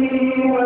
به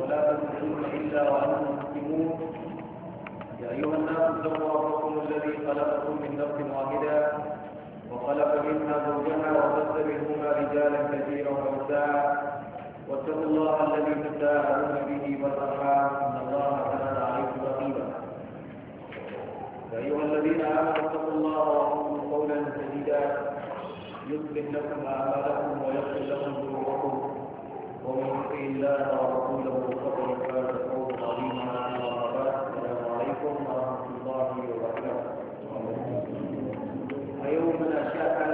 ولا تموتن إلا وأنتم مسلمون يا أيها الناس اتقوا ربكم الذي خلقكم من نفس واحدة وخلق منها زوجها وبث منهما رجالا كثيرا ونساء واتقوا الله الذي تساءلون به والأرحام إن الله كان عليكم رقيبا يا أيها الذين آمنوا اتقوا الله وقولوا قولا سديدا يصلح لكم أعمالكم ويغفر لكم ذنوبكم ومن يطع الله ورسوله فقد فاز فوزا عظيما اما السلام عليكم ورحمه الله وبركاته أيومنا شاكل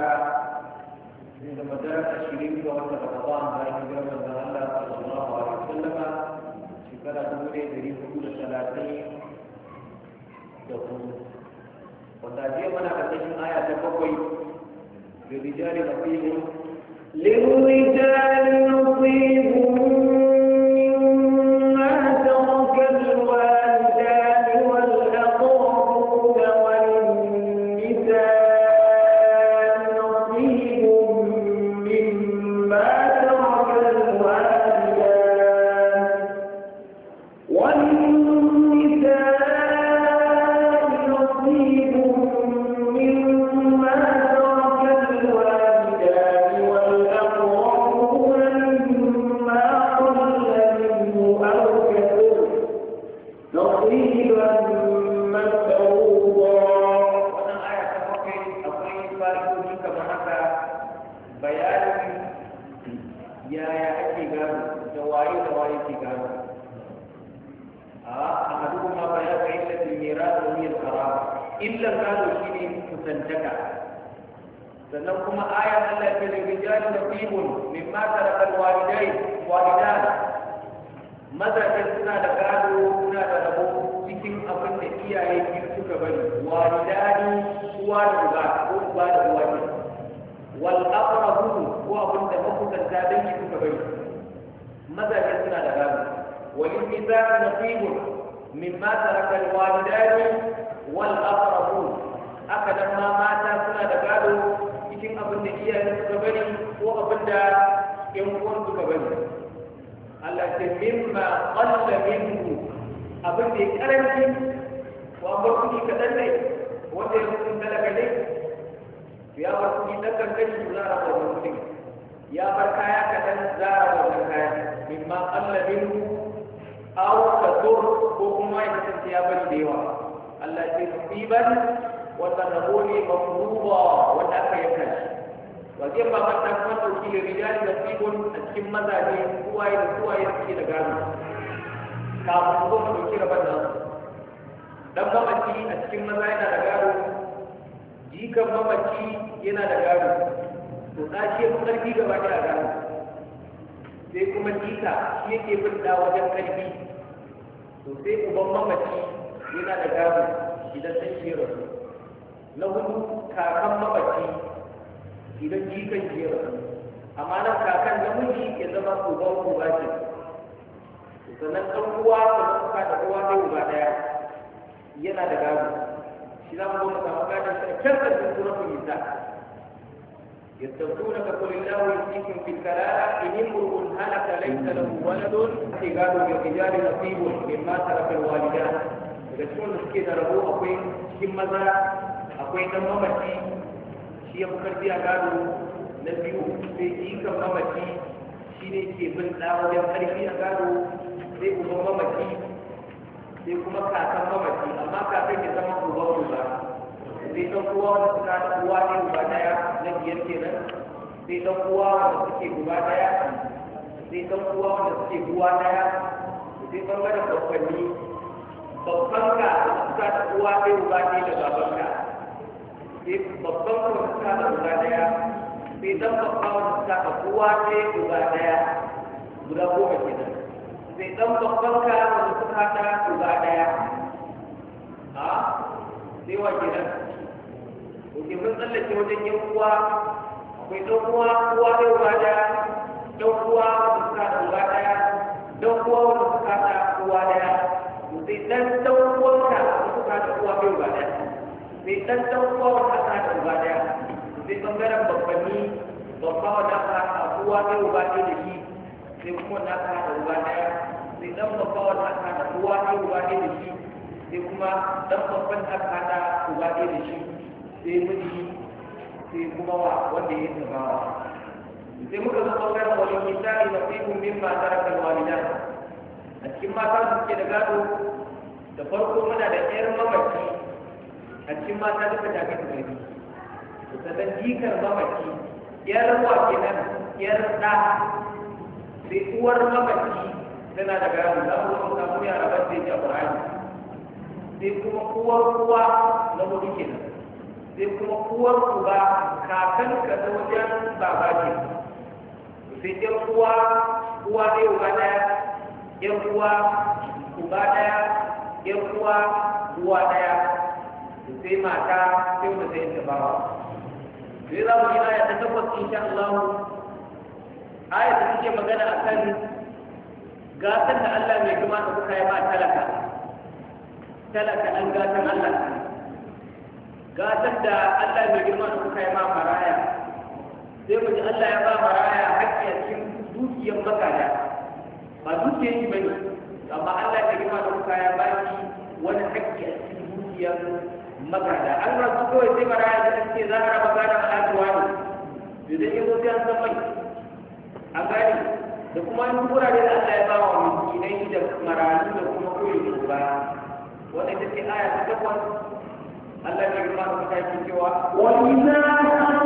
عندما درس الشريف وقت رمضان هاي مجرم الله صلى الله عليه وسلم شكرا دولي دريب كل ثلاثين يقول وتأتي منا قد آية تبقي للرجال نصيب للرجال نصيب musiban wannan rabo ne mafruba wanda aka yanka shi wa zai ba san kuma dauki da rijali da tsibon a cikin mazaje kuwaye da kuwaye suke da gano kafin ko mu dauki rabon nan dan mamaci a cikin maza yana da gano jikan mamaci yana da gano to ɗashi mu karfi ƙarfi gaba a gano sai kuma jika shi yake bin da wajen ƙarfi to sai uban mamaci yana da gano idan sai shi na hudu kakan mabaci idan jikan shi rasu amma nan kakan namiji ya zama uban uba ce sannan ɗan uwa sannan kuka da uwa ne uba ɗaya yana da gado shi za mu zo mu samu gadon shi a can ƙarfin sunan nisa يستفتونك قل الله يفتيكم في الكلالة إن امرؤ هلك ليس له ولد فقالوا للرجال نصيب مما ترك الوالدان daga cikin da suke da rabo akwai cikin maza akwai ɗan mamaci shi ya fi karfi a gado na biyu sai jikan mamaci shi ne ke bin ɗa wajen karfi a gado sai kuma mamaci sai kuma kakan mamaci amma kakan ya zama uban uba sai ɗan uwa wanda suka uwa ne uba ɗaya na biyar kenan sai ɗan uwa wanda suke uba ɗaya sai ɗan uwa wanda suke uwa ɗaya sai ɓangaren bakwanni babban ka ta uwa ɗaya uba ne da baban ka sai babban ka wani ta da uba ɗaya sai dan babba wani ta da uwa ɗaya uba ɗaya guda goma kenan sai dan babban ka wani ta da uba ɗaya a sai wa kenan Oke mun tsallake wajen yan uwa akwai ɗan uwa uwa ɗaya uba ɗaya ɗan uwa dan tawwanka su ka ta uwa kai ba da dan tawwanka ka ta ta uwa da sai bangaren babbani babba wanda ka ta uwa kai ba da shi kuma ka ta da dan babba wanda ka ta uwa kai ba da shi kuma dan babban da ka ta uwa kai da shi sai miji sai kuma wa wanda ya tabawa muka zo bangaren wani misali na sai mun mimma tarakan walidan a cikin mata suke da gado da farko muna da ƴar mamaci a cikin mata duka ta da mai to sannan jikar mamaci ruwa ke nan, ƴar da sai uwar mamaci tana da gado za mu samu samu yara ba sai ta Qur'ani sai kuma uwar uwa na ke kenan sai kuma uwar uba kakan ka ta wajen baba ke sai ɗan uwa uwa ɗaya uba ɗaya ƴan uwa uba ɗaya yan ruwa daya da sai mata sai mu sai ta bawa sai za mu yi aya ta takwas insha Allah aya ta take magana a kan gatan da Allah mai kuma da kuka yi ba talaka talaka an gatan Allah gatan da Allah mai girma da kuka yi ma maraya sai mu ji Allah ya ba maraya hakki a cikin dukiyar makata ba dukiyar shi bane amma Allah ya girma da wani hakki a cikin dukiyar magana. an rasu kawai sai mara ya zai ce za a raba gadon hatuwa ne to zai yi mutu san mai a gani da kuma yin wurare da Allah ya ba wa miskinai da marayu da kuma koyi da ba wanda take aya ta takwas Allah ya yi masu mataki cewa wani na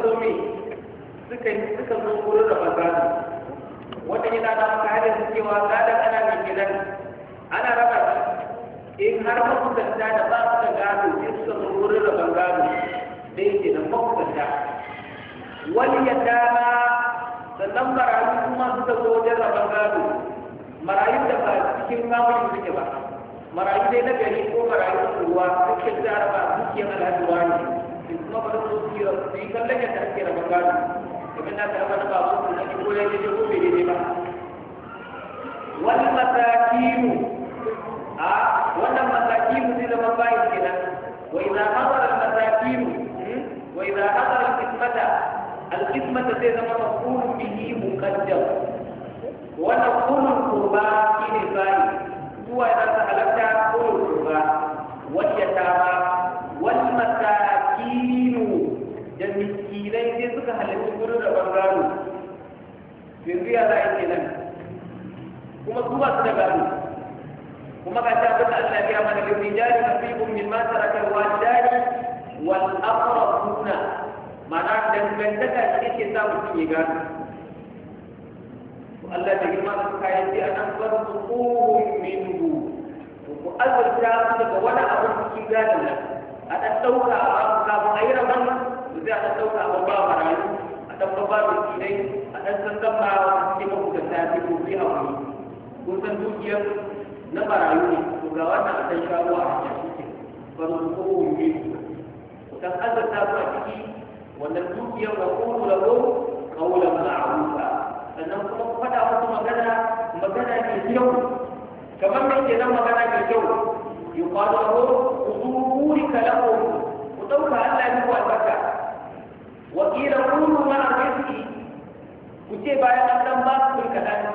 zo mai suka suka zo wurin da fasadi wata yana da maka hadin cewa gadan ana mai gidan ana raba shi in har makusanta da ta da ba su da gado sai suka zo wurin da bangaro da yake da ta wani ya dama sannan marayu kuma suka zo wajen da bangaro marayu da ba cikin mamun suke ba marayu dai na gari ko marayu ruwa suke tsara ba suke alhaji wani da su yi kallon ake rabon na babu da bai daidai ba wani matakinu a wannan matakinu zai zama bayan kenan wa idan hazara matakinu hmm? wa idan hazara kismata alkismata zai zama mafulun bihi muqaddam wannan kullun kurba shine zuwa tafiya za a yi kuma da gado kuma ka tafi da Allah ya mana da rijali nasibun min ma taraka walidani wal aqrabuna ma'ana dangantaka shi ke sa mutum ya gado Allah da girma da suka yi a nan bar su kohon minhu ku su daga wani abin cikin gadon nan a ɗan ɗauka a babu kafin a yi rabon da a ɗan ɗauka a a ɗan ɗan sassafawa cikin mahukunta ce ko fi haƙuri kun san dukiyar na barayu ne to ga wannan a san shawo a hanyar cikin bari su ko wuce ku san azurta ku a ciki wannan dukiyar wa ƙulu lago ƙaula ma'arufa sannan kuma ku faɗa musu magana magana mai kyau kamar mai ke nan magana mai kyau yuqalu lahu uzurika lahum ku ɗauka Allah ya ku albarka wa qila qulu ma'a rizqi ku ce bayan an dan ba su kaɗan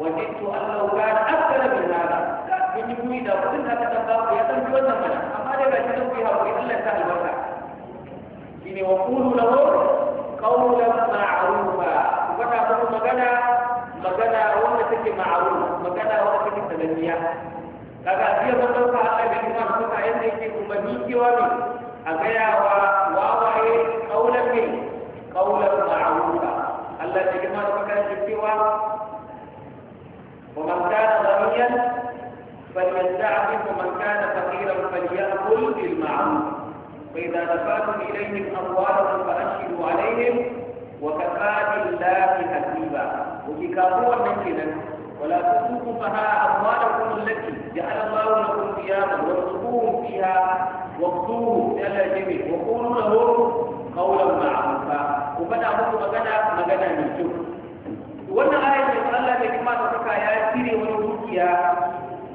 wajen to Allah ga akala min hada kun yi kuyi da kudin da kaɗan ba ku ya san ki wannan mana amma da gashi sun kuyi haƙuri Allah ta albarka Kini wa qulu lahu qawlan ma'rufa ku ka musu magana magana wanda take ma'ruf magana wanda take sananniya kaga a jiya mun ɗauka Allah da kuma suka yadda yake umarni cewa ne a gaya gayawa ومن كان غنيا فليستعفف ومن كان فقيرا فليأكل بالمعروف فإذا نفاكم إليهم أموالهم فأشهدوا عليهم وكفى بالله حسيبا وكفوا النكلا ولا تؤتوا فها أموالكم التي جعل الله لكم قياما وارزقوهم فيها واقتوهم إلى جميل وقولوا لهم قولا معروفا وبدأ هو مجنى مجنى من شكر wannan ayar da Allah mai kuma da saka ya cire wani dukiya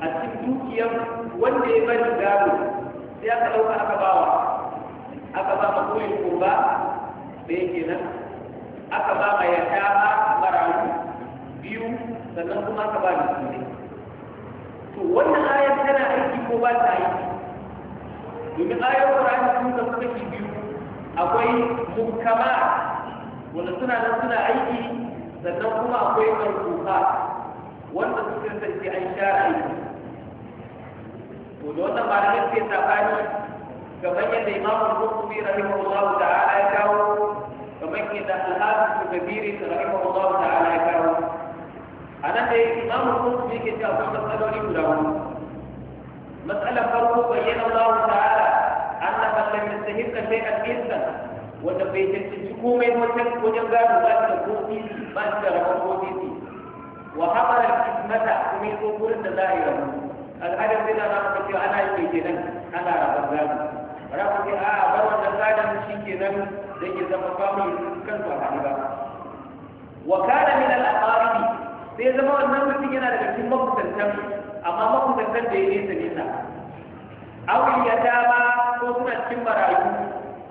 a cikin dukiyar wanda ya bari gado sai aka ɗauka aka bawa aka ba ma koyin kurba da yake nan aka ba ma yatama marayu biyu sannan kuma aka ba da su to wannan ayar tana aiki ko ba ta aiki domin ayar Qur'ani sun zama kashi biyu akwai mukama wanda suna nan suna aiki sannan kuma akwai marfuka wanda suka sanci an share to da wannan malamai ke tsakani kamar yadda imamu rukubi rahimahullahu ta'ala ya kawo kamar yadda al'adu kabiri rahimahullahu ta'ala ya kawo a nan da imamu rukubi ke cewa akwai matsaloli guda hudu matsalar farko bayyana Allah ta'ala أنه لم يستهلك شيئا إذا wanda bai cancanci komai wajen wajen gado ba ta da kofi ba ta da rabon kofi wa haɓarar kismata kuma yi gurin da za a yi rabu al'adar zai zama maka cewa ana yi ke kenan ana rabon gado bara ku ce a bar wannan gadon shi kenan da ke zama family kan su a ba wa kana min al'aqaribi sai zama wannan mutum yana daga cikin makusantan amma makusantan da ya nesa nesa awliyata ba ko suna cikin marayu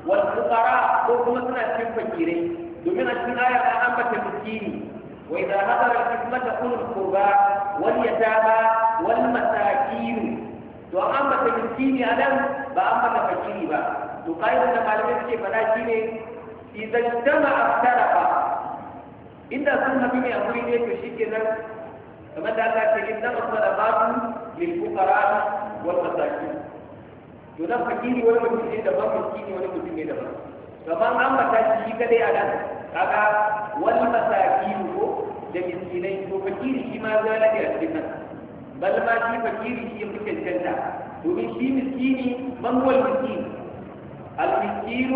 wal ko kuma suna cikin fakirai domin a cikin aya an ambata miskini wa idza hadara al qismata ulul qurba wal yatama wal masakin to an ambata miskini a nan ba an ambata fakiri ba to kaidar da malamai suke faɗa shine idan jama inda sun haɗu a wuri ne to shikenan kamar da Allah ce to nan fakiri wani mutum ne daban miskini wani mutum ne daban kamar an mata shi kadai a nan kaga wal masakin ko da miskinai to fakiri shi ma za a cikin nan bal ma shi fakiri shi ya fi cancanta domin shi miskini bangon miskini المسكين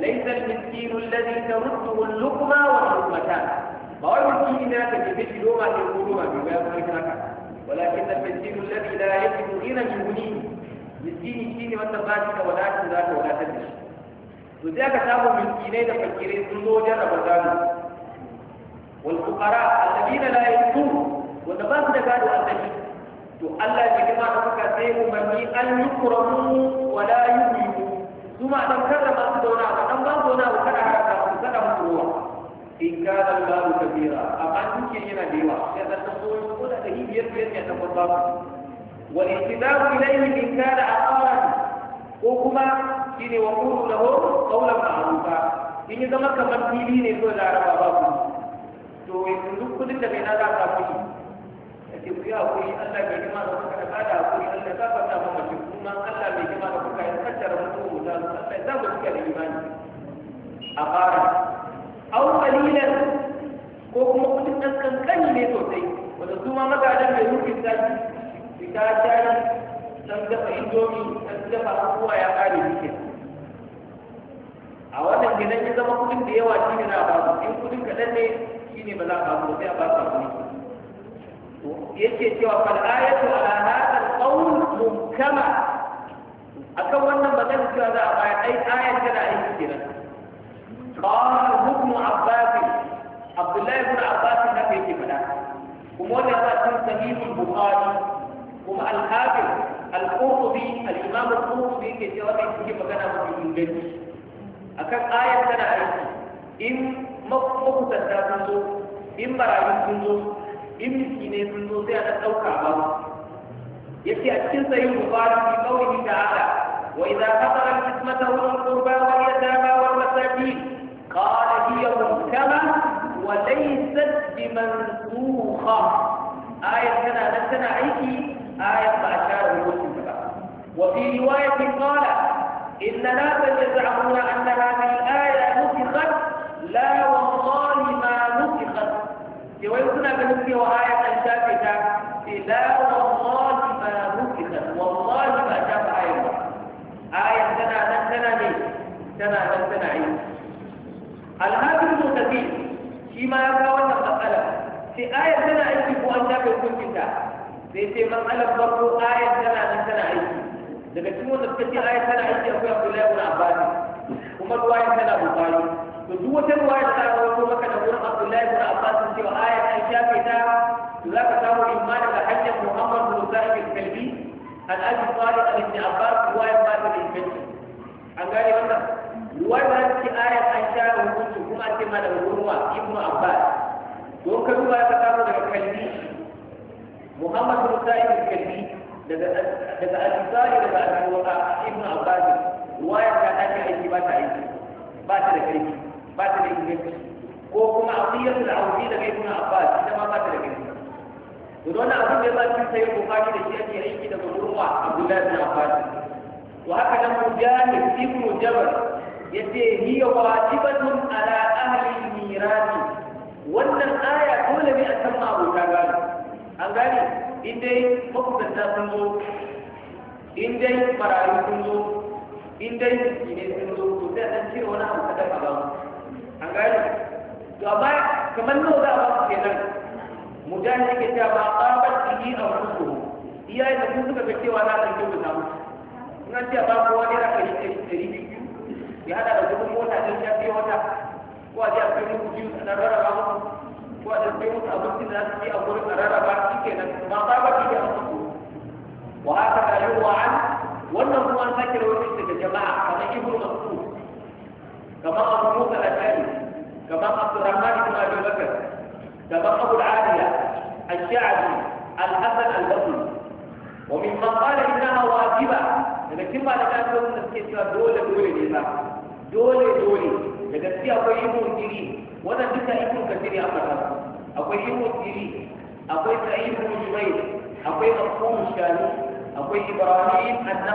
ليس المسكين الذي ترده اللقمة واللقمتان ما هو المسكين إذا كان يبيش لوما تقولوا ما بيبقى ولكن المسكين الذي لا يجد غنى من wanda za shi da za ta wadatar da shi to sai aka samu miskinai da fakirai sun zo wajen raba gado wal fuqara alladina la yutun wanda ba su da gado annabi to Allah ya ma da kuka sai umarni an yukramu wa la yuhibu kuma dan karrama su da wani abu dan ba su wani abu kada haraka su kada musu ruwa in kana Allahu kabira amma duke yana da yawa sai ta so ko da dari biyar biyar ne dan babba wa ihtidaru ilayhi in kana aqara ko kuma ne wa qulu lahu qawlan ma'rufa in yi zama kamar fili ne ko laraba ba ku to yanzu duk kudin da bai na za ka kuɗi yake ku ya kuɗi Allah bai kima da kuka da kada kuɗi Allah ta fata ma mace kuma Allah bai kima da kuka ya kaddara mutum mutum Allah ya zama kuka da imani a fara au qalilan ko kuma kudin dan kankani ne sosai wanda su ma mazajen bai rufe ta ta ta dan dafa indomi sun dafa ya ƙare a wannan gidan ya zama kudin da yawa shi ne na ba su in kudin kaɗan ne shi ne ba za a ba sai a ba su kuɗi to yake cewa fal'ayatu ala hadal qawl muhkama akan wannan magana cewa za a bayar ai ayan tana aiki kenan qala hukmu abbas abdullahi ibn abbas da yake faɗa kuma wannan ba sun sahihul bukhari kuma al-hafiz al-qurtubi al-imam al-qurtubi ke cewa kai kike magana mutum inganci akan ayar tana aiki in makusanta sun zo in marayu sun zo in miskinai sun zo sai a ɗan ɗauka ba yace a cikin sayin bukari fi qawlihi ta'ala wa idza qadara al-qismata wal qurba wal yatama wal masakin qala hiya muhkama wa laysat bimansukha ayat tana nan tana aiki آية ما المسلم وفي رواية قال إن ناسا يزعمون أن هذه الآية نسخت لا والله ما نسخت يقولون بنسخ وآية شافتة لا والله ما نسخت والله ما شاف آية آية سنة سنة سنة سنة عيد الهاتف المتدين فيما يقول مسألة في آية سنة عيد وأن شاف الكل sai sai matsalar farko ayar tana nan tana aiki daga cikin wanda suka ce ayar tana aiki akwai abdullahi ibn abbas kuma ruwayar tana bukari to duk wata ruwaya da aka rawaito maka da wurin abdullahi ibn abbas cewa ayar an shafe ta to zaka samu imma daga hanyar muhammad bin sa'id al-kalbi an abi talib an ibn abbas ruwayar ba ta da inganci an gane wannan ruwayar da ce ayar an shafe hukunci kuma an ce ma daga wurin wa ibn abbas don ka duba ka samu daga kalbi muhammad bin sa'id al-kalbi daga daga al-sari daga al-waqa ibn abbas waya ta dace aiki ba ta aiki ba ta da karfi ba ta da inganci ko kuma aqiyatu al-awdi daga ibn abbas ita ma ba ta da karfi to don abin da ba shi sai bukhari da shi ake aiki daga urwa abdullahi bin abbas wa haka nan mujahid ibn jabr yace hiya wajibatun ala ahli al-mirasi wannan aya dole ne a san ta gado an gane in dai sun zo in dai marayu sun zo indai dai sun zo to sai an cire wani abu kadan a ba an gane to amma kamar nawa za a ba su kenan mujahid yake cewa ba a wani anfusuhum iyaye da sun suka ga cewa za a kyautu ta musu ina ce ba kowa ne ka yi ɗari ɗari biyu ya hada da kudin mota ɗin ya fiye wata ko a ce a kai muku biyu a ɗan rarraba muku da sai musu abincin da su yi a gurin rarraba shi ke nan ba ba ba shi da su wa haka da yi wa an wannan kuma an sake rawatin daga jama'a kamar ibnu mas'ud kamar abu musa Da ashari kamar abdurrahman ibn abi bakr kamar abu al-aliya al-sha'bi al-hasan al-basri وممن قال انها واجبه لكن ما suke ان dole-dole ne ba, dole-dole. da gaskiya akwai ibn jiri wannan duka ibn kasiri aka rasa akwai ibn jiri akwai sa'id ibn akwai mafhum shani akwai ibrahim an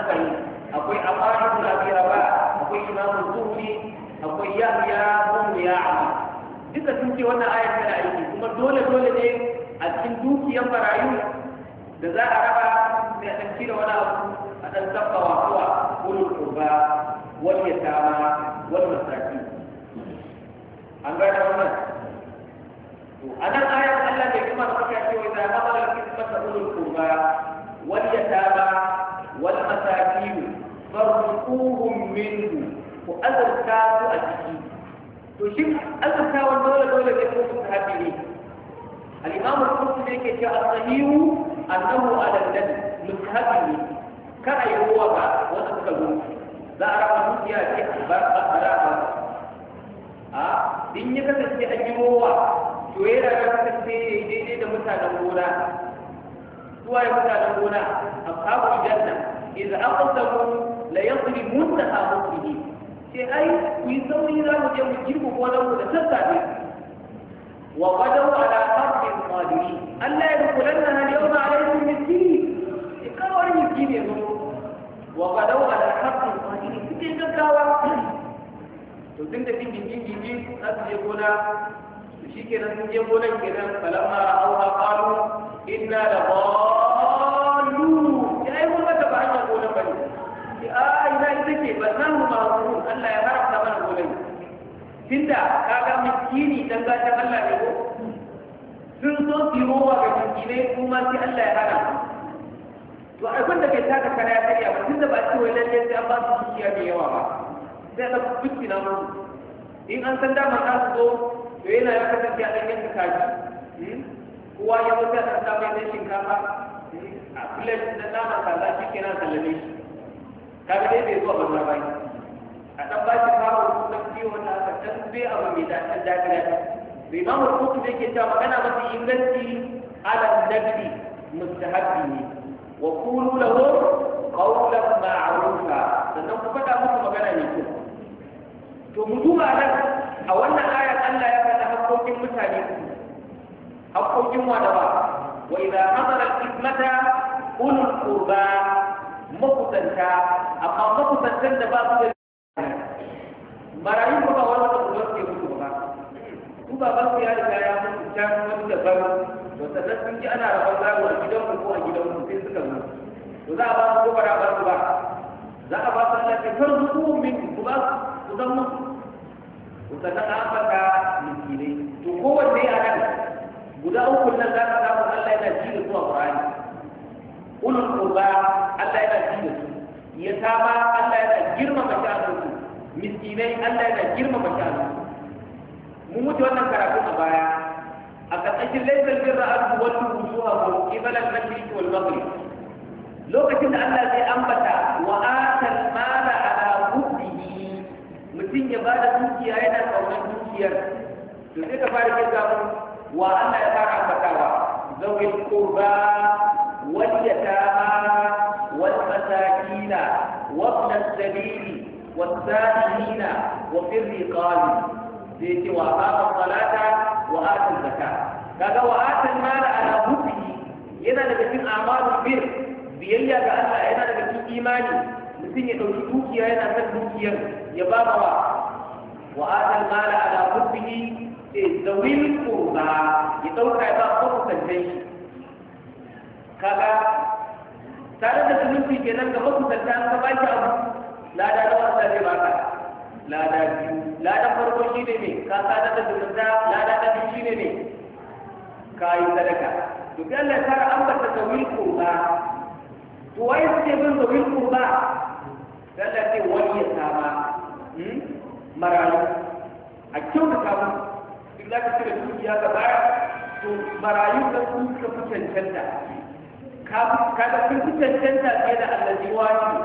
akwai amara ibn abi rabah akwai imam zuhri akwai yahya ibn ya'ma duka sun ce wannan ayat tana aiki kuma dole dole ne a cikin dukiyar marayu da za a raba sai a ɗauki da wani abu a ɗan tabbawa zuwa ulul wani wal yatama wani masaki an gane wannan to anan ayar Allah bai kuma saka cewa idza hamala al-qismata ulul qurba wal yatama wal masakin farzuquhum minhu ku azurta su a ciki to shin azurtawan dole dole ne ko su haɗi ne al-imam al-qurtubi yake cewa as-sahihu annahu ala al-dad mutahabi ne kar ayi ruwa ba wanda suka zo za a raba dukiya ce a bar a raba a in ya kasance a yi mowa to yana ga kasance daidai da mutanen gona suwa ya mutanen gona ashabul janna idza aqsamu la yadrimunna abuqihi ce ai ku yi sauri za mu je mu girbe gonar mu da ne wa qadaw ala qadrin qadirin Allah ya dukulanna na hali yau miskin ikawar miskin ne wa qadaw ala qadrin qadirin ke gaggawa to tun da dingin dingin ji za su je gona to shi kenan sun je gonan kenan falamma auha qalu inna la dalu ya ai mun ka ba hanya gonan ne. ya ai na ita ke ba nan ma Allah ya haramta mana gonan tunda kaga miskini dan gatan Allah ne ko sun zo su yi rowa ga miskinai kuma sai Allah ya haramta to abin da bai taka kana ya karya ba tunda ba ce wai lalle sai an ba su dukiya da yawa ba sai na kuski na mu in an san dama za su zo to yana ya kasance a ɗan yanka kaji hmm? kowa ya zo sai a samu na shinkafa hmm? a filet na nama kaza shi ke nan sallame shi kaga dai bai zo a banza ba a ɗan ba shi kawo na kiwo na aka tambaye abu mai daɗin daɗi daɗi bai ma mutum da ke cewa magana mafi inganci ala nagri mustahabbi ne wa kulu lahu to mu duba nan a wannan ayar Allah ya faɗa hakkokin mutane hakkokin wa da ba wa idza hadara al-ismata ulul qurba makusanta amma makusantan da ba su da marayu ko ba wanda ba su mutu ba ku ba ba su ya riga ya mutu can wani daban wata da sun ji ana rabon zago a gidan ko a gidan ku sai suka mutu to za a ba su ko ba ba su ba za a ba su Allah ke karbu min ku ba su zama ku ta taɗa to a nan guda uku nan za ka samu Allah yana ji da zuwa Qur'ani ulul qurba Allah yana ji da su Allah yana su Allah yana su mu mutu wannan karatu a baya a ƙarƙashin laifin an tuwallu wujuhakum qibala wal maghrib lokacin da Allah zai ambata wa atal mara mutum ya bada dukiya yana kaunar dukiyar to sai ka fara kin samu wa Allah ya fara ambatawa zawil qurba wal yatama wal masakina wa ibn as-sabil was-sa'ilina wa fi riqab sai ce wa aqama salata wa ata zakat kaga wa ata mala ala hubbi yana daga cikin amalul bir biyayya ga Allah yana daga cikin imani mutum ya ɗauki dukiya yana son dukiyar ya ba wa wa adal mala ala hubbihi zawil qurba ya dauka ya ba ko kusantan shi kaga tare da zumunci kenan ga makusanta an ka baki abu lada na wanda zai baka lada biyu lada farko shi ne ne ka sada da zumunta lada na biyu shi ne ne ka yi sadaka to Allah ya fara ambata zawil qurba to wai suke bin zawil qurba Allah zai wani ya sama hmm, marayu a kyau da kama in za ka cire dukiya ka bara to marayu da su ka fi cancanta ka da fi cancanta sai da Allah zai wani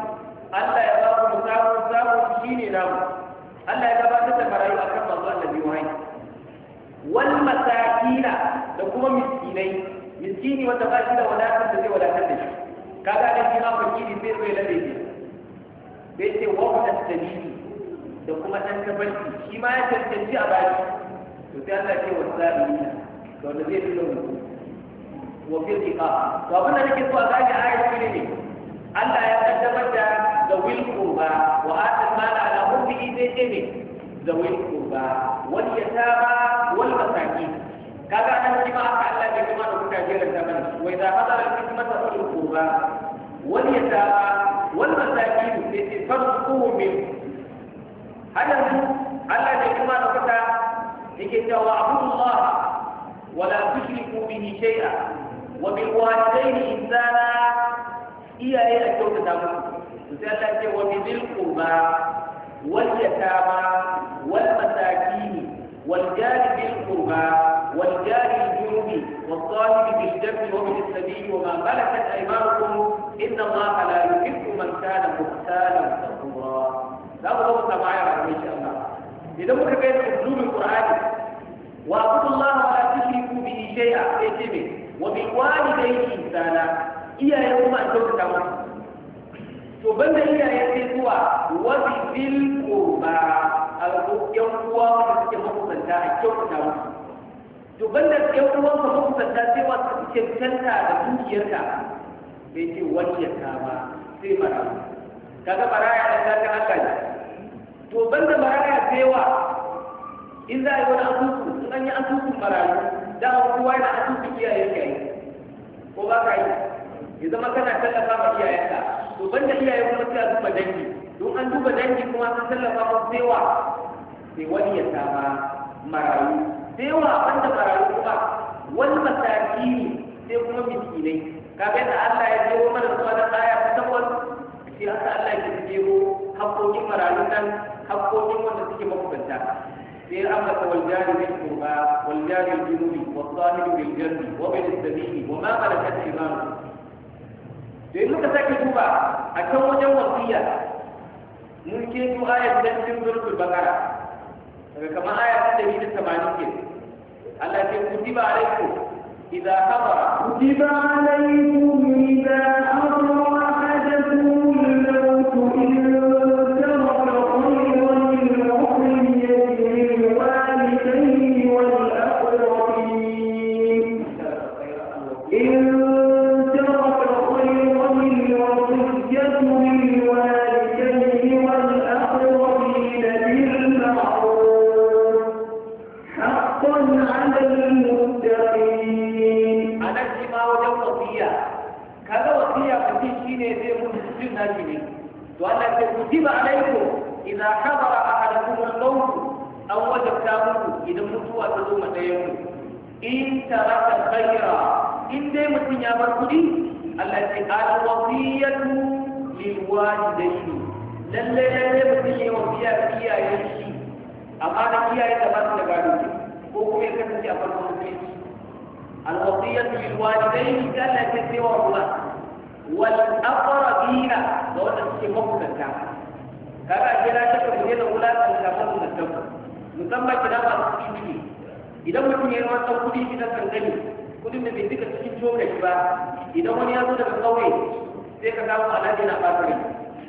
Allah ya ba mu samu samu shi ne namu Allah ya gabatar da marayu a kan manzo Allah zai wani wal masakina da kuma miskinai miskini wanda ba shi da wadatar da zai wadatar da shi kaga da shi ma fakiri sai zai lalace. da yake wata dalili da kuma ɗan tabarki shi ma ya tantance a baki to sai Allah ce wasu zaɓi ga wanda zai fi mu. wa fil iqa to abin da nake so a gane ayar shi ne Allah ya kaddamar da wil qurba wa ma mala ala mubdi zai ce ne wil qurba wal yatama wal masaki. kaga an ji ma aka Allah bai kuma da kuka jira da mana wa idza hadara al-qismata fil qurba واليتامى والمساكين لتفرقوا منه هذا الله يجمع نفسه لكي الله ولا تشركوا به شيئا وبالوالدين إنسانا وبذي القربى واليتامى والمساكين والجار ذي القربى والجار الجنوب والصاحب بالجنب ومن السبيل وما ملكت أيمانكم الله لا يحب من كان مختالا فخورا لا بد ما ان شاء الله اذا ممكن كيف اسلوب القران واعبدوا الله ولا تشركوا به شيئا كيتمه وبالوالدين انسانا iya ya kuma kyautata musu to banda iyaye sai zuwa wabi bil qurba yan uwa wanda suke makusanta a kyautata musu to banda yan uwan ka makusanta sai wasu cancanta da dukiyarka bai ce ya kama sai mara kaga maraya da ta ta ne to banda maraya tsewa in za a yi wani asusu in an yi asusun marayu da kuwa yana asusun iyayen ka yi ko ba ka yi ya zama kana tallafa ma ka to banda iyayen kuma sai a duba dangi don an duba dangi kuma sun tallafa ma tsewa sai wani ya sama marayu baiwa banda marayu kuma wani mataki ne sai kuma miskinai kafin da Allah ya jero mana su wannan tsaya ta takwas shi aka Allah ya jero hakkokin marayun nan hakkokin wanda suke mabukanta sai amma ta waljari bil qurba waljari bil junubi wasahibi bil janbi wa bil sabili wa ma malakat imanukum da in muka sake duba a kan wajen wasiya mun ke ju ayat da cikin suratul baqara daga kamar ayat 180 Allah ya kutiba alaikum إذا حضر إذا عليه alhaji na kafiri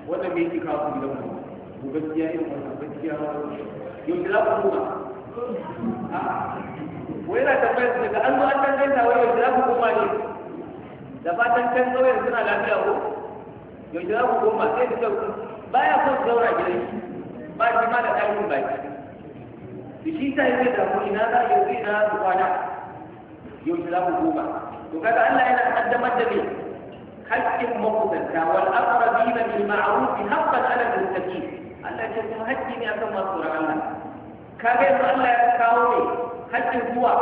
wannan mai yake kawo gidan mu mu gaskiya yin wannan gaskiya yau da ku kuma wai na tambayar su daga an zo an danganta wai yau da ku kuma ne da fatan kan kawai suna lafiya ko yau da ku kuma sai da kyau baya son zaura gidan shi ba shi ma da ɗakin baki da shi ta yi da mu ina za a yanzu ina su kwana yau da ku kuma to kaga Allah yana kaddamar da ni haƙƙin makusanta wal aqrabina bil ma'ruf haqqan 'ala al muttaqin Allah ya ce haƙƙi ne akan masu tsoron Allah kaga yanzu Allah ya kawo ne haƙƙin zuwa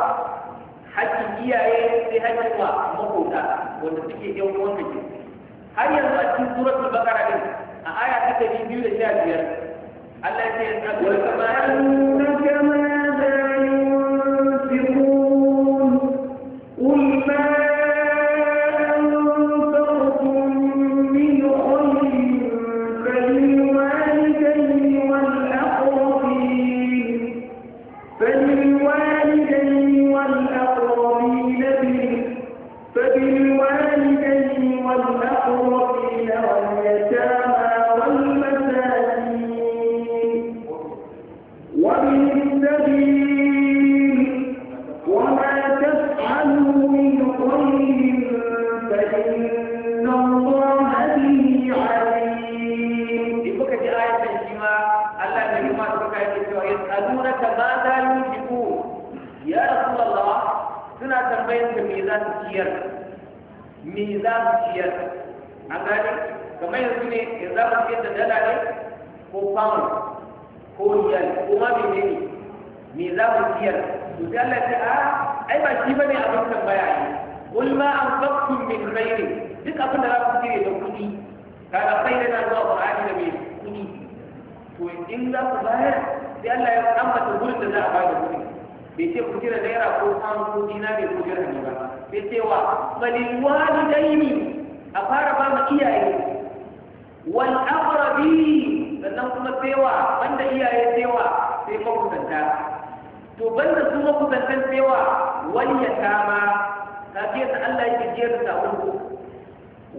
haƙƙin iyaye sai haƙƙin wa makota wanda suke yan uwan da ke har yanzu a cikin a ya pound ko yan ko ma ne me za mu tiyar to sai Allah ya ce a ai ba shi bane abin baya ne kul ma anfaqtum min khairin duk abin da za ku cire da kuɗi kaga khairin na zuwa ba da mai kuɗi to in za ku bayar sai Allah ya ambata gurin da za a bada kuɗi bai ce ku cire naira ko pound ko dinari ko dirham ba bai ce wa balil walidaini a fara ba mu iyaye wal aqrabin sannan kuma tsewa banda iyaye tsewa sai makusanta to banda su makusantan tsewa wani ya kama ta fiye ta Allah yake jera ta uku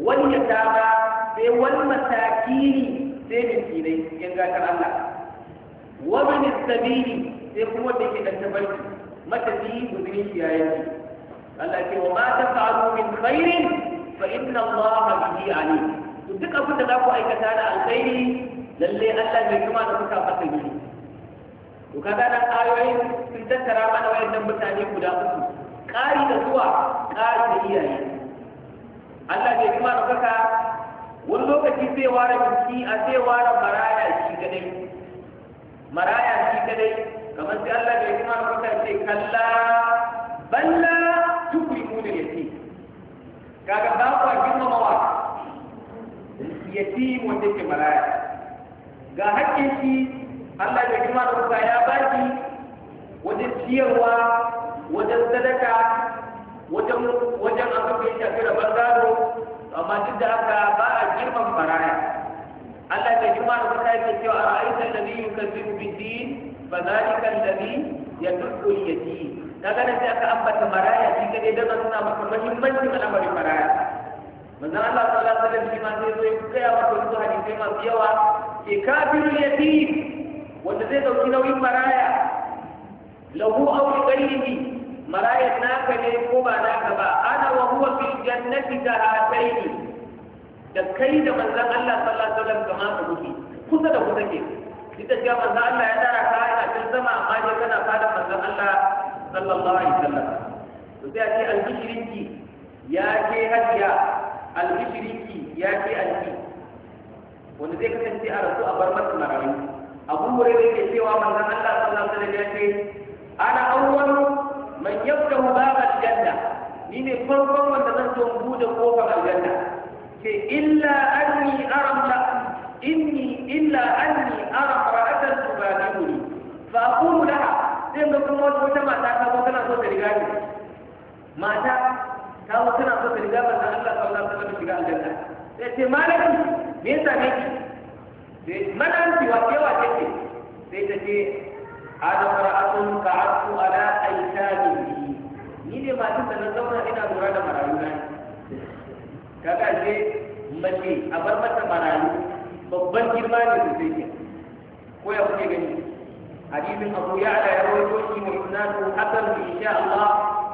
wani ya kama sai wani matakiri sai miskinai yan gatar Allah wani sabini sai kuma da ke ɗan tabarki matafiyi guzurin shi yayin shi Allah ce wa ma ta fa'alu min khairin fa inna Allah bihi alim duk abin da za ku aikata da alkhairi Lallai Allah bai kuma da suka fata ne to kaga nan ayoyin sun tattara mana wayannan mutane guda uku kari da zuwa ƙari da iyaye Allah bai kuma da suka wani lokaci sai ware biki a sai ware maraya shi kadai maraya shi kadai kamar sai Allah bai kuma da suka sai kalla balla tukrimu da yati kaga ba ku girmamawa yatim wanda ke maraya ga haƙƙin shi Allah ya kuma da ya baki wajen ciyarwa wajen sadaka wajen wajen abin da ya shafi rabar gado amma duk da haka ba a girman baraya Allah ya kuma da ya ce cewa a ra'ayin alladhi yukazzibu bid-din fa dhalika alladhi yadullu ya yatim daga gane sai aka ambata maraya shi kadai da zan nuna maka muhimmancin al'amarin maraya manzon Allah sallallahu alaihi da shi ma sai zo ya kai wa wasu hadisai masu yawa ikabirul yatim wanda zai dauki nauyin maraya lahu aw ghayrihi Marayar naka ne ko ba naka ba ana wa huwa fil jannati ka hataini da kai da manzan Allah sallallahu alaihi wasallam kamar ku kusa da kusa ke. ita ga manzan Allah ya tara ka yana cikin sama amma dai kana fada manzan Allah sallallahu alaihi wasallam to sai a ce al ya ke hajiya al ya ke alfi wanda zai kasance a rasu a bar masa marayu abu hore da yake cewa manzon Allah sallallahu alaihi wasallam ya ce ana awwalu man yaftahu baba aljanna ni ne farkon wanda zan zo bude kofar aljanna ke illa anni aramta inni illa anni ara ra'atan tubadibuni fa aqulu laha sai ga kuma wata mata ta zo tana so ta riga ni mata ta zo tana so ta riga manzon Allah sallallahu alaihi wasallam shiga aljanna sai ce malam me yasa ne ki sai malam ki wace wace ce sai ta ce ana ka ka'atu ala aitani ni ne masu da na zauna ina lura da marayu na kaga ce mace a bar mata marayu babban girma ne sosai ke ko ya kuke gani hadisin abu ya ala ya rawaito shi wa isnadu hasan bi insha Allah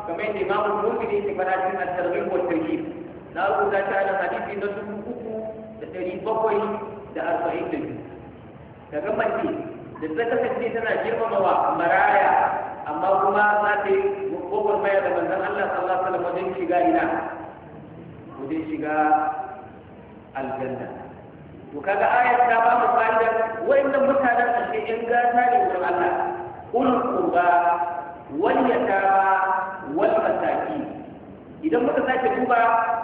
kamar da imamu Bukhari ne ke fara cikin at-targhib wa tarhib na rubuta ta da hadisi na dubu uku da ɗari bakwai da arba'in da biyu daga mace da ta kasance tana girmamawa maraya amma kuma za ta yi maya da manzan Allah sallallahu alaihi wasallam wajen shiga ina wajen shiga aljanna to kaga ayat ta ba mu fa'ida wa'annan mutanen ashe in gata ne wurin Allah ul qurba wal yatama wal masakin idan muka sake duba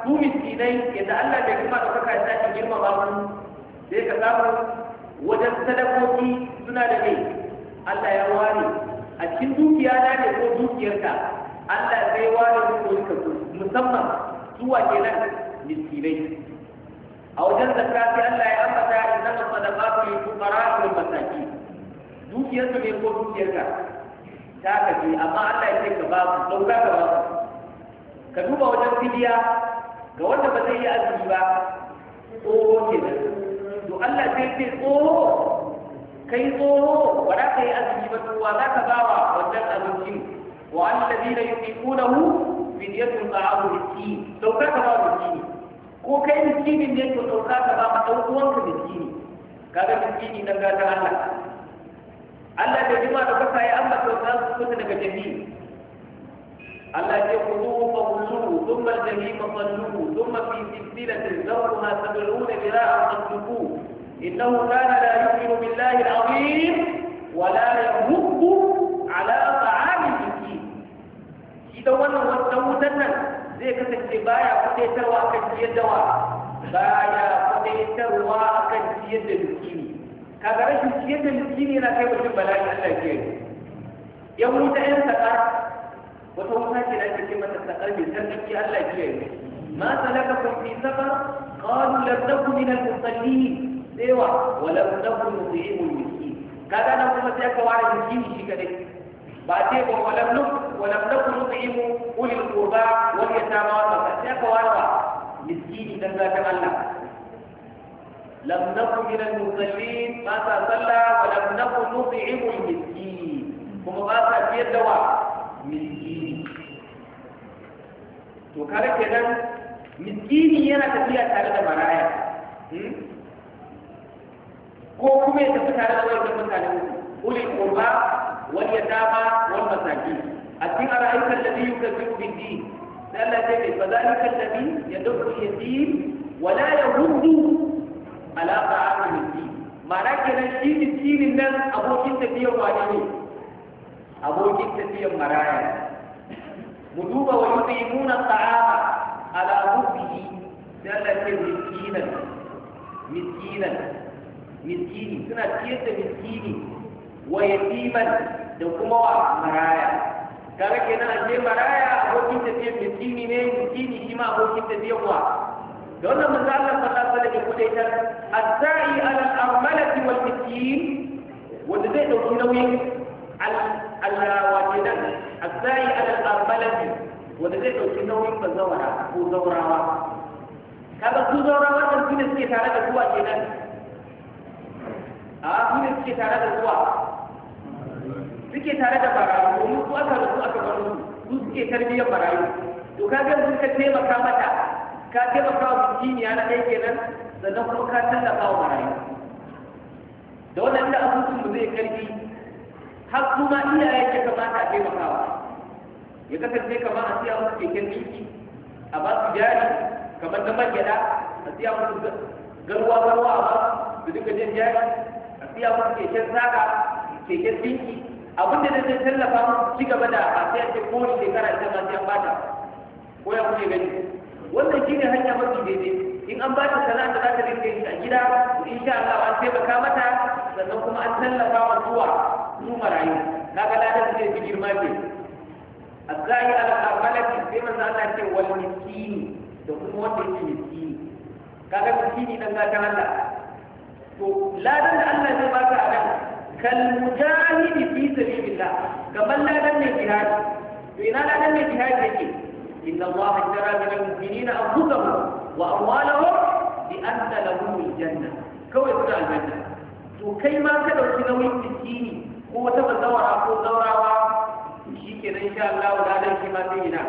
su miskinai yadda Allah bai kuma ɗaukaka ya sake girma ba su sai ka samu wajen sadakoki suna da mai Allah ya ware a cikin dukiya na ne ko dukiyarka Allah zai ware su ko ka musamman zuwa nan miskinai a wajen zakka sai Allah ya ambata idan sadaqatu lil fara wal masaki. dukiyarka ne ko dukiyarka ta kaje amma Allah ya ce ka ba ku ɗauka ka ba ku ka duba wajen fidiya ga wanda ba zai yi azumi ba tsoho ke nan to Allah zai ce tsoho kai tsoho ba za ka yi azumi ba to wa za ka ba wa wannan azumin wa allazina yuqinuhu fidyatun ta'amu miskin dauka ka ba miskin ko kai miskinin ne to dauka ka ba ma dan uwanka miskini kaga miskini ga ta Allah Allah da jima da kasa ya ambata za su daga jami'i الله يقولوه فغلوه ثم الجحيم صلوه ثم في سلسلة ذرها سبعون ذراعا فاسلكوه إنه كان لا يؤمن بالله العظيم ولا يهب على طعام المسكين إذا وانا وتوتنا زي كتك بايا كتيتروا أكد يدوا بايا كتيتروا أكد يد المسكين كذا رشد يد المسكين أنا كيف بلاي الله كيف يوم تأنسى wata wata ce da ake ce mata sakar mai sarki Allah ya yi ma salaka kun fi safar qalu lam min al musallin sewa wa lam nakun nutimu al miskin kaga kuma sai aka ware miskin shi kadai ba ce ba wa lam nakun mun lam nakun nutimu ul qurba wal yatama sai aka ware ba miskini dan zakan Allah لم Ba من sallah, ما صلى ولم نكن نطعم المسكين kuma ba sa ciyar da wa miskini to kada kenan miskini yana tafiya tare da maraya hmm? ko kuma ya tafi tare da wani mutane ulil qurba wal yatama wal masakin atin ara'aita alladhi yukazzibu bid din dan la tabi fadhalika alladhi yadurru al yatim wa la yahuddu ala ta'amil din ma'ana kenan shi miskinin nan abokin tafiyar wani ne abokin tafiyar maraya mu duba wa yutsimuna ta'ama ala hubbihi dalatin miskinan miskinan miskini suna ciyar da miskini wa yatiman da kuma wa maraya kaga kenan ashe maraya abokin tafiyar miskini ne miskini shi ma abokin tafiyar wa da wannan manzo Allah sallallahu alaihi wasallam ya kudaitar as-sa'i ala al-armalati wal miskin wanda zai dauki nauyin الواجدة الثاني على الأرملة وذلك الكنوي فالزورة وزوراوة هذا كل زوراوة تنفيذ السيطرة لكوا جدا آه من السيطرة لكوا suke tare da barayu domin su aka rasu aka bar su suke tarbiyyar barayu to ka ga sun ka taimaka mata ka taimaka wa jiniya na ɗaya kenan sannan kuma ka tallafa wa marayu da wannan da asusun mu zai karfi har kuma iyaye ya kamata a taimakawa ya kasance kamar a siya musu keken dinki a ba su jari kamar na magyada a siya musu garuwa garuwa a ba su duka jin jari a siya musu keken saka keken dinki abin da zai tallafa musu ci gaba da a siya ce kowane shekara ita ma siya an bata ko ya kuke gani wannan ne hanya mafi daidai in an ba ta sana'a da za ta dinga yi a gida in sha Allah an taimaka mata sannan kuma an tallafa wa zuwa su marayu kaga ladan zai fi girma ke azzahi ala kamalati sai manzo Allah ce wal miskini da kuma wanda yake miskini kaga miskini dan ga kan Allah to ladan da Allah zai baka a nan kal mujahidi fi sabilillah kamar ladan ne jihadi to ina ladan ne jihadi yake inna Allah tara min al-mu'minina anfusahum wa amwalahum bi anna lahum al-janna kawai suka aljanna to kai ma ka ɗauki nauyin miskini ko wata bazawara ko zaurawa shi ke nan sha Allah wa ladan shi ma sai ina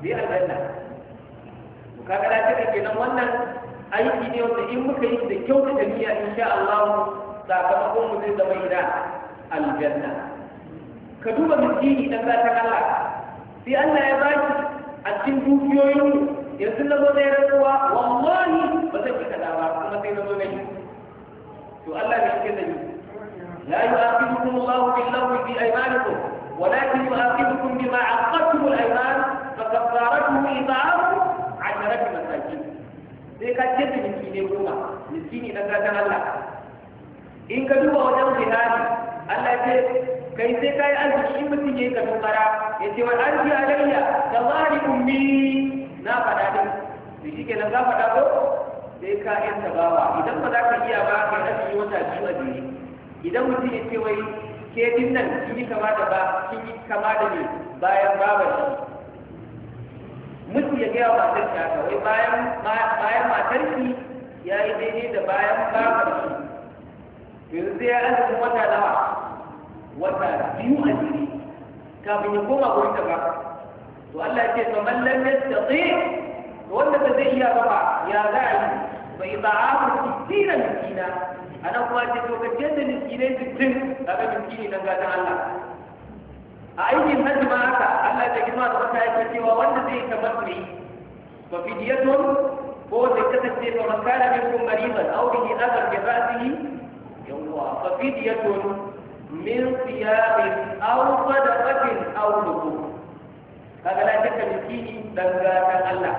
bai aljanna to kaga da kake kenan wannan aiki ne wanda in muka yi da kyau da jami'a insha Allah sakamakon mu zai zama ina aljanna ka duba miskini dan ta Allah sai Allah ya baki a cikin dukiyoyin yanzu na zo na yarda wallahi ba zai fita da ba kuma sai na zo na yi to Allah ne yake nabi la yu'aqibukum Allah bil-lawmi bi aymanikum ولكن يؤاخذكم بما عقدتم الايمان فكفارته اطعام عشرة مساكين sai ka ce da miskine goma miskini na gatan Allah in ka duba wajen jihadi Allah ce kai sai ka yi arziki mutum ya yi ka tumbara ya ce wani arziki alayya da zari ummi na faɗa din shi ke nan za faɗa ko sai ka yanta bawa idan ba za ka iya ba ka yi wata biyu a jere idan mutum ya ce wai ke din nan kin yi kama da ba kin yi kama da ne bayan babar shi mutum ya gaya wa matar shi haka wai bayan bayan matar shi ya yi daidai da bayan babar shi yanzu sai ya azumin wata nawa wata biyu a jere kafin ya koma gurin ta ba to Allah ya ce fa man lam yastati wanda ba zai iya raba ya za a yi bai ta'amu sittina miskina a nan kuma ce tokacin da miskinai sittin daga miskini don gatan Allah a aikin hajji ma haka Allah ta girma da wata yake cewa wanda zai kamar su yi ba fidiyatun ko wanda kasance ba makara min kun mariban au bihi azar bi ra'sihi yawwa fa fidiyatun min siyamin aw sadaqatin aw nukum kaga la take miskini dan gatan Allah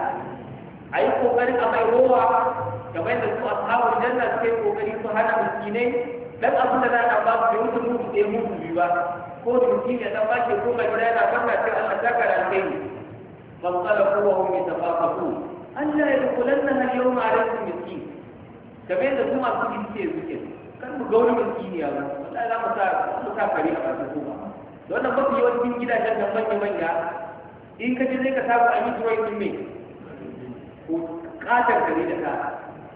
a yi ƙoƙarin a mai rowa kamar da su tsawon janna suka yi ƙoƙari su hana miskinai dan abin da za a ba su bai wuce mutu ɗaya mutu biyu ba ko miskini da ɗan bashi ko mai gida yana kan ce Allah ta kare alkhairi man qala huwa hum da Allah ya kulanna hal yawma alaykum miskin kamar da su masu bincike suke kan mu gauri wani miskini ya ba wallahi za mu sa mu fari a bakin kuma wannan mafi yawancin gidajen da manya-manya in ka je zai ka samu a yi drawing mai ko katar gari da ka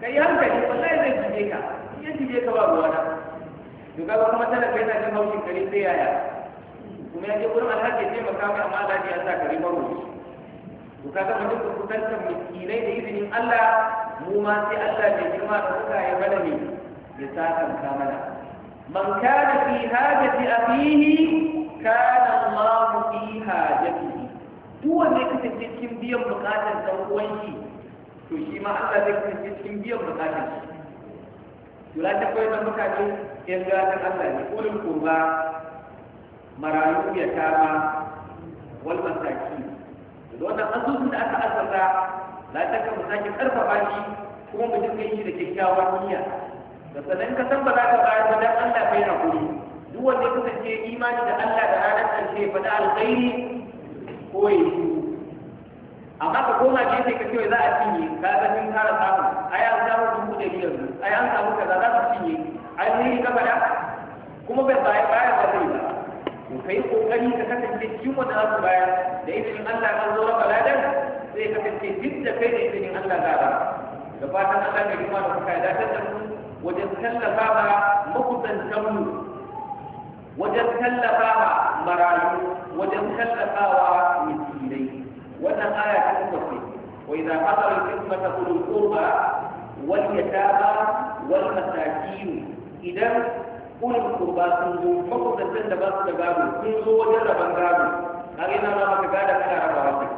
kai hankali wallahi zai cije ka ya cije ka ba ruwa na to kaga kuma talaka yana jin haushin kare sai yaya kuma ya je gurin alhaji ya taimaka mai amma alhaji ya sa kare maro to kaga mutum da kusantar miskinai da izinin Allah mu ma sai Allah ne girma da kuka ya bada ne ya sakanta mana man kana fi hajati afihi kana Allah fi hajatihi duk wanda ya kasance cikin biyan bukatar dan uwan shi to shi ma Allah zai kasance cikin biyan bukatun shi yura ta koyar da mutane ga ta Allah ne ko ba marayu ya tama wal masaki da wannan azuzu da aka azurta la ta ka karfa ba shi kuma mu dinga yi da kikkiawar niyya da sanan ka san ba za ka bayar ba dan Allah bai na kuri duk wanda ya kasance imani da Allah da ranar fa faɗa alkhairi ko ya yi amma ka koma gefe ka cewa za a cinye ka ga sun kara samu ai an samu dubu da biyar ai an samu ka za su cinye a mun yi gaba da kuma bai baya baya ba zai ba to kai kokari ka kasance cikin wanda abu su bayar da izinin Allah kan zo raba ladan zai kasance duk da kai da izinin Allah za a da fatan Allah mai rima da kuka da ta mu wajen tallafa ma mu wajen tallafa ba marayu wajen mutum dai. wannan aya ta kuma ce wa idza qadara al-qismata ulul qurba wal yatama wal masakin idan ulul qurba sun zo makusantan da ba su da gado sun zo wajen raban gado har yana ma maka gada kana rabawa kai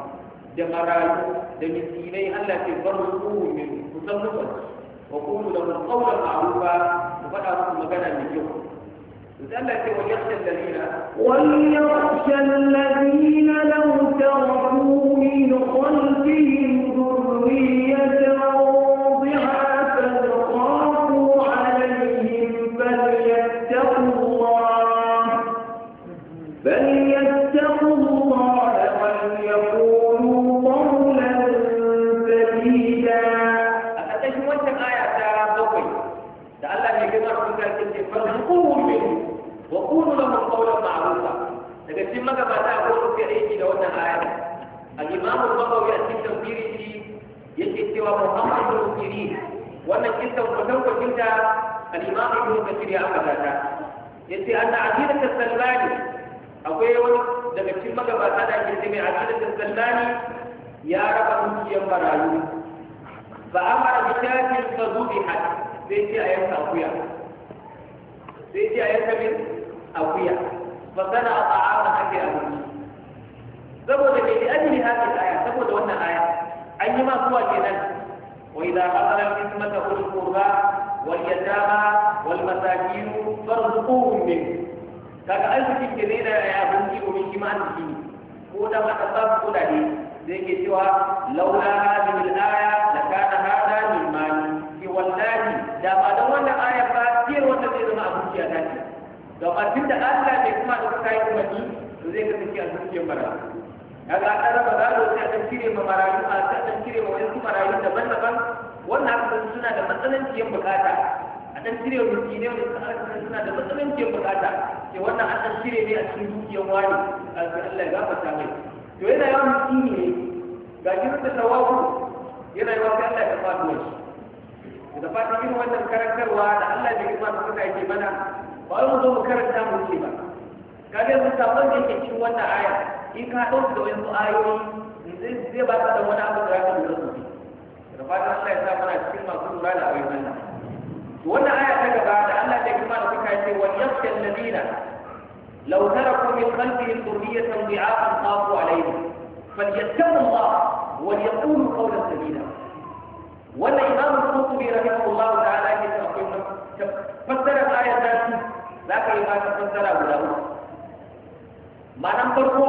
da marayu da miskinai Allah ke bar su min kusan mutunci wa qulu lahum qawlan ma'rufa ku faɗa musu magana mai kyau وليخشى الذين الذين لو تركوا من خلفهم ذرية cewa Muhammadu Kiri wannan kisan kusan kwacin da al-Imam Ibn Kathir ya ambata ta yace anna aqidat as-Sallani akwai wani daga cikin magabata da ake cewa aqidat as-Sallani ya raba dukiyar marayu fa amara bi shafin fadhubihat sai ce a yanka akuya sai ce a yanka bin akuya fa sana a ta'ama kake abinci saboda ke ji ajili hadin aya saboda wannan aya an yi ma kuwa kenan وإذا أخذ القسمة أولو القربى واليتامى والمساكين فارزقوهم منه kaga arzikin da zai da ya abinci domin shi ma arziki ko da mata ba su kudade zai ke cewa laula hadhihi al-aya la kana hada min mali ki wallahi da ba dan wannan aya ba wanda zai zama abinci a dace ga ma tun da Allah bai kuma da kai kuma ni to zai kasance abincin bara kaga an raba gado sai a cire ma marayu a cire wa wani marayu daban-daban wannan haka suna da matsananciyar bukata a ɗan cire wa ne wani suka suna da matsananciyar bukata ke wannan an ɗan cire ne a cikin dukiyar wani a ga Allah ya gafarta mai to yana yawan miskini ne ga gidan da tawabu yana yawan ga Allah ya faɗo shi da fatan irin wannan karantarwa da Allah ya yi masu suka yake mana ba wai mu zo mu karanta mu ce ba kaga yanzu sabon da yake cikin wannan aya in ka ɗauka da wasu ayoyi zai ba ka da wani abu da za ka lura da shi da fatan Allah ya sa mana cikin masu lura da abin nan wannan aya ta gaba da Allah ta kuma da suka ce wa yakhsha alladina law taraku min qalbihim dhurriyatan bi'afan khafu alayhim falyattaqu Allah wa yaqulu qawlan sadida wannan imamu qurtubi rahimahullah ta'ala ya ce akwai fassara ayar da su zaka yi ba ta fassara guda uku ma'anar farko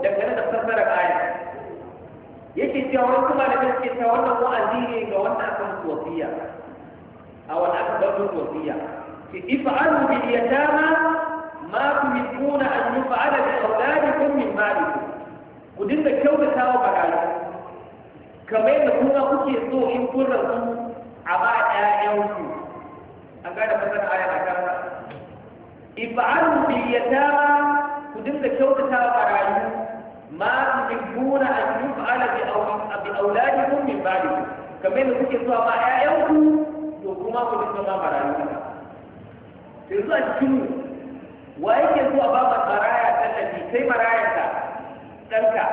dangane da fassara ayar yake cewa wani kuma da gaske cewa wannan wa'azi ne ga wanda aka mutu wasiya a wanda aka bar mutu wasiya ki ifa'alu bil yatama ma tuhibbuna an yuf'ala bi awladikum min ba'dikum ku dinga kyautata wa barayi kamar yadda kuma kuke so in kun rasu a ba ƴaƴanku an gane fasar aya a kan ifa'alu bil yatama ku dinga kyautata wa barayi ma tuhibbuna an auladikum min ba'dikum kamar da kuke zuwa ba ƴaƴanku to kuma ku dinga ba marayu sai zuwa cikin wa yake zuwa ba maraya tallafi sai marayarka ɗanka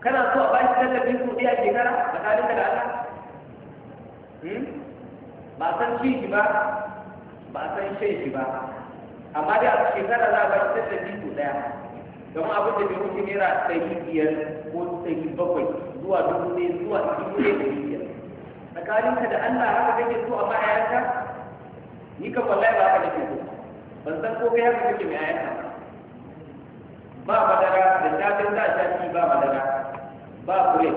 kana so ba shi tallafi ko biya shekara tsakanin da Allah hmm? ba san ci shi ba ba san shan shi ba amma dai a shekara za a ba shi tallafi ko ɗaya don abin da bai wuce naira ɗari biyar ko ɗari bakwai zuwa dubu ne zuwa dubu ne da biyar tsakaninka da Allah haka kake so a yanka ni ka wallahi ba ka nake so ban san ko kai haka kake mai ayanka ba madara da shafin da shafi ba madara ba kure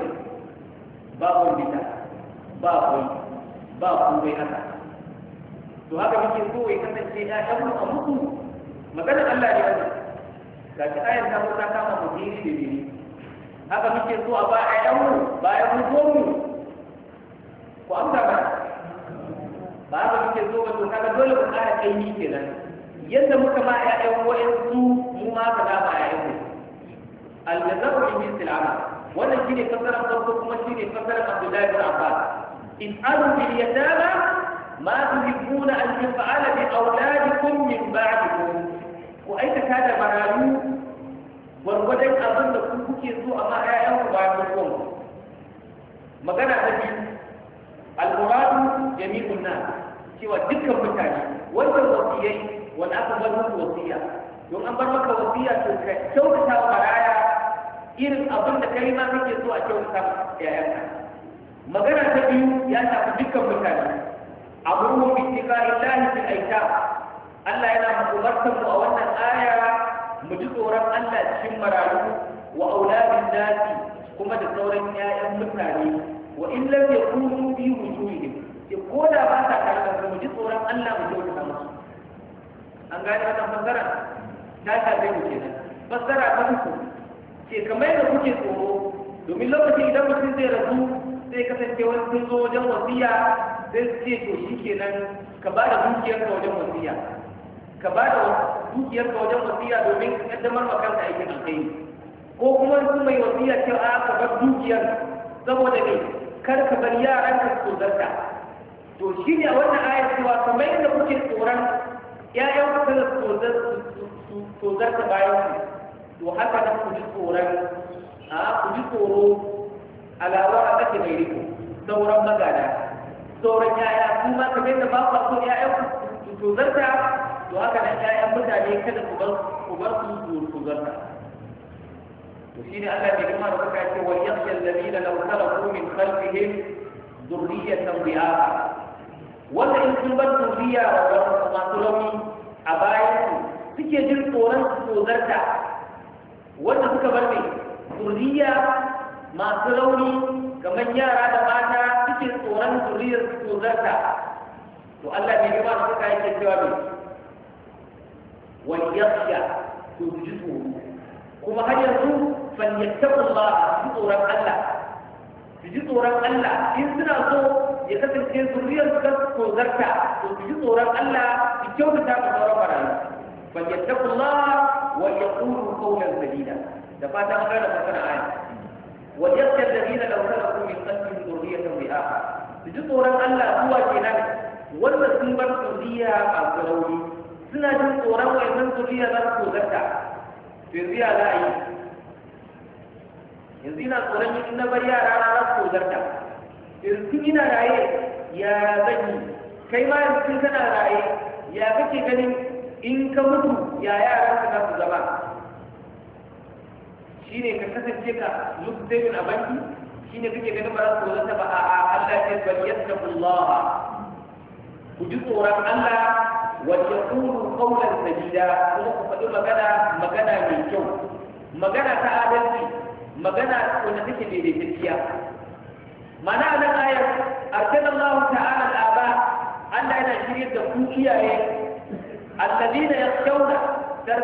ba kumbita ba kuri ba kumbai haka to haka muke so ya kasance ɗayan mu a mutu maganar Allah ne wannan ga ta ayan ta kama mu dini da biyu. haka muke so a ba a mu bayan mun zo mu ko an ba ba haka muke so ba to kaga dole mu kara kai ni kenan yadda muka ma ƴaƴan wa'ansu mu ma ka ba ƴaƴan mu al-jazaa'u min jinsil amal wannan shine fasaran farko kuma shine fasaran Abdullahi bin Abbas is'alu bil yatama ma tuhibbuna an taf'ala bi awladikum min ba'dikum ku aikata da marayu gwargwadon abin da kun kuke so a ma ku bayan mutuwan ku magana ta biyu al-muradu jami'un nas cewa dukkan mutane wannan wasiyai wani aka bar musu wasiya don an bar maka wasiya to ka kyautata wa maraya irin abin da kai ma kake so a kyautata ƴaƴanka magana ta biyu ya shafi dukkan mutane abubuwan bitika illahi fil aitam Allah yana umartar mu a wannan aya mu ji tsoron Allah cikin marayu wa auladin nasi kuma da sauran 'ya'yan mutane wa in lam yakunu bi wujuhihim ya ko da ba sa karɓar mu ji tsoron Allah mu kyautata musu an gane wannan fassara ta shafe mu kenan fassara ta uku ke kamar yadda kuke tsoro domin lokacin idan mutum zai rasu zai kasance wani sun zo wajen wasiya sai su ce to shi kenan ka ba da dukiyarka wajen wasiya ka ba da dukiyar ka wajen wasiya domin kaddamar ma kanka aikin alkhairi ko kuma su mai wasiya ce a ka bar dukiyar saboda ne kar ka bar yaran ka su zarta to shi ne wannan ayar cewa mai da kuke tsoron ƴaƴan ku kada su tozarta bayan ku to haka nan ku ji tsoron a ku ji tsoro alawa a kake mai riko sauran magana sauran ƴaƴa kuma kamar yadda ba ku so ƴaƴan ku tuzarta to haka nan ƴaƴan mutane kada ku bar ku bar su kuzarta to shi ne Allah bai kuma da kuka ce wal yakhsha alladhina law khalaqu min khalqihim dhurriyatan ri'a wanda in sun bar zuriya wa masu rauni a bayan su suke jin tsoron su wanda suka bar ne zuriya masu rauni kamar yara da mata suke tsoron zuriyar su to Allah bai gama da suka yake cewa ne wal yakhsha to ji tsoro kuma har yanzu falyattaqullah ji tsoron Allah ji tsoron Allah in suna so ya kasance zuriyar su ko zarta to ji tsoron Allah ki kyautata ga sauran barayi falyattaqullah wa yaqulu qawlan sadida da fatan an gane fasara aya wa yakhsha alladhina law khalaqu min qalbihim dhurriyatan bi'aha ji tsoron Allah zuwa kenan wannan sun bar zuriya a rauni suna jin tsoron wannan zuriya za su tozarta to yanzu ya za a yi yanzu ina tsoron yi na bar yara na za su tozarta yanzu ina raye ya zan yi kai ma yanzu kana raye ya kake ganin in ka mutu ya yara ka za su zama shine ka kasance ka mutsayin a banki shine kake ganin ba za su zarta ba a'a Allah ya bari Allah ku ji Allah wacce kuru kaunar sabida kuma ku faɗi magana magana mai kyau magana ta adalci magana wanda take daidaitacciya mana nan ayar arsalallahu ta'ala aba Allah yana shirye da ku iyaye alladina yakhshawna